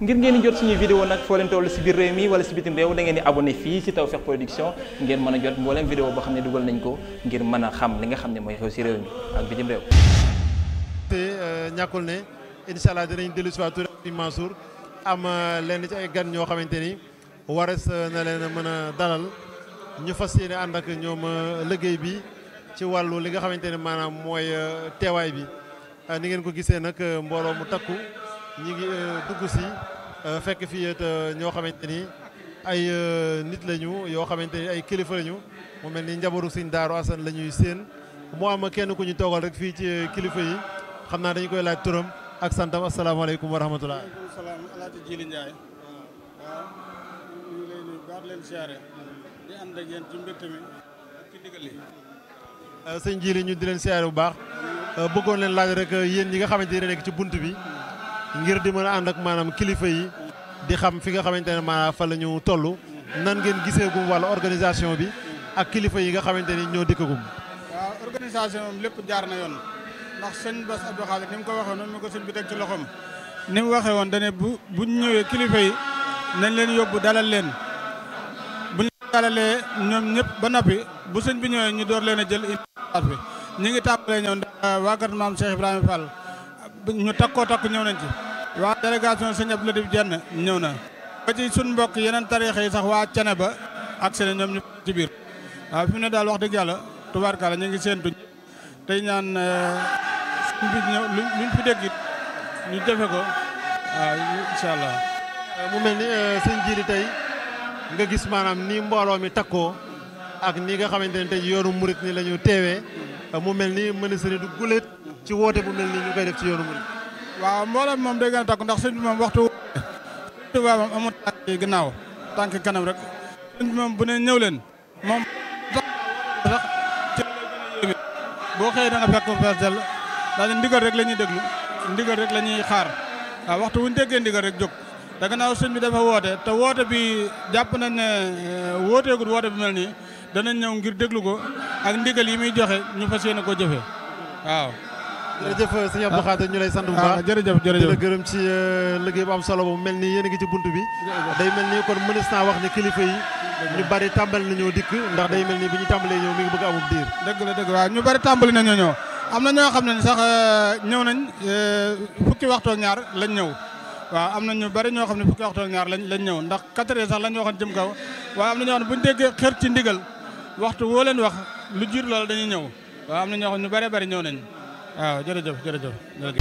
ngir ngeen di jot suñu vidéo nag foo leen toll si biir réew mi wala si bitim réew da ngeen di abonné fii si Tawfekh Production ngeen mën a jot mbooleem vidéo boo xam ne dugal nañ ko ngir mën a xam li nga xam ne mooy xew si réew mi ak euh, ne incha allah dinañ dellu si waat tuuti Mansour am euh, ci ay gan ñoo xamante ni wares euh, na leen mën a dalal ñu fas yéene ànd ak ñoom liggéey bi ci wàllu li nga xamante ne maanaam mooy teewaay bi ni ngeen ko gisee nag mbooloo mu takku ñi ngi euh, dugg si euh, fekk fii it euh, ñoo xamante ni ay nit lañu yoo xamante ni ay kilifa lañu mu mel ni njaboru sëñ Daaru Asan la séen mu am kenn ku ñu toogal rek fii ci kilifa yi xam naa dañu koy laaj turam ak santam asalaamaaleykum wa rahmatulah. waaleykum salaam Njaay. waaw ñu di ànd ak ñu di leen siyaare bu baax bëggoon leen laaj rek yéen ñi nga xamante ne nekk ci bunt bi. ngir di mën a ànd ak maanaam kilifa yi di xam fi nga xamante ne maanaam fa la ñu toll nan ngeen gisee gum wàllu organisation bi ak kilifa yi nga xamante ni ñoo dikkagum. waaw organisation lépp jaar na yoon ndax sëñ Bass Abdou Khadre ni mu ko waxee noonu mu ko sëñ bi teg ci loxoom. ni mu waxee woon dane bu bu ñëwee kilifa yi nañ leen yóbbu dalal leen bu ñu dalalee ñoom ñëpp ba noppi bu sëñ bi ñëwee ñu door leen a jël indi ñu ngi tàmbalee ñëw waa kër ñu takkoo takku ñëw nañ ci. waa délégation sëñ Abdou Latif Diène ñëw na. ba ci suñ mbokk yeneen tariixa yi sax waa cene ba ak seen ñoom ñu ci biir. waaw fi mu ne dëgg yàlla tubaarkaala ñu ngi séentu tey ñaan euh, suñ bi ñëw ñu jëfe ko waaw incha allah. mu mel ni euh, sëñ jiiri tey nga gis maanaam nii mbooloo mi takkoo. ak ni nga xamante ne tey yoonu murit ni la ñu teewee mu mel ni ministre du guléet ci woote bu mel nii ñu koy def ci yoonu murid waaw mbooloo moom day gën ndax sëñ bi waxtu Tuubaa moom amul tànk gannaaw tànk kanam rek sëñ bi moom bu ne ñëw leen moom sax ci yéeme boo xëyee da nga fekk fees dell ndigal rek lañuy ñuy déglu ndigal rek la ñuy xaar waaw waxtu wuñu déggee ndigal rek jóg da gannaaw sëñ bi dafa woote te woote bi jàpp nañ ne eh, wooteegul woote bi mel nii dana ñëw ngir déglu ko ak ndigal yi muy joxe ñu fas yéene ko jëfee waaw jërëjëf sëñ Abdou ah. Khadre ñu lay sant bu ah, baax jërëjëf jërëjëf di la gërëm ci euh, liggéey bu am solo bu mel nii yéen a ngi ci bunt bi day mel nii kon mënees naa wax ne kilifa yi ñu bari tàmbali nañoo dikk ndax day mel nii bi ñu tàmbalee ñëw mi ngi bëgg amub diir dëgg la dëgg waaw ñu bari tàmbali nañoo ñëw am na ñoo xam ne sax euh, ñëw nañ euh, fukki waxtu ak ñaar lañ ñëw waa am na bari ñoo xam ne fukki waxtu ak ñaar lañ lañ ñëw ndax quatre heures sax lañ waxoon jëm kaw waaye am na ñoo xam ne buñ déggee xër ci ndigal waxtu woo leen wax lu jiir loolu dañuy ñëw waaw am na ñoo ñu bari bari ñëw nañ waaw jërëjëf jërëjëf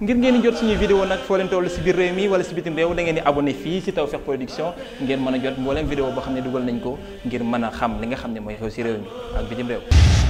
ngir ngeen di jot suñu vidéo nag fooleen leen si biir réew mi wala si bitim réew da ngeen di abonné fii si Tawfekh Production ngeen mën a jot mbooleem vidéo boo xam ne dugal nañ ko ngir mën a xam li nga xam ne mooy xew si réew mi ak bitim réew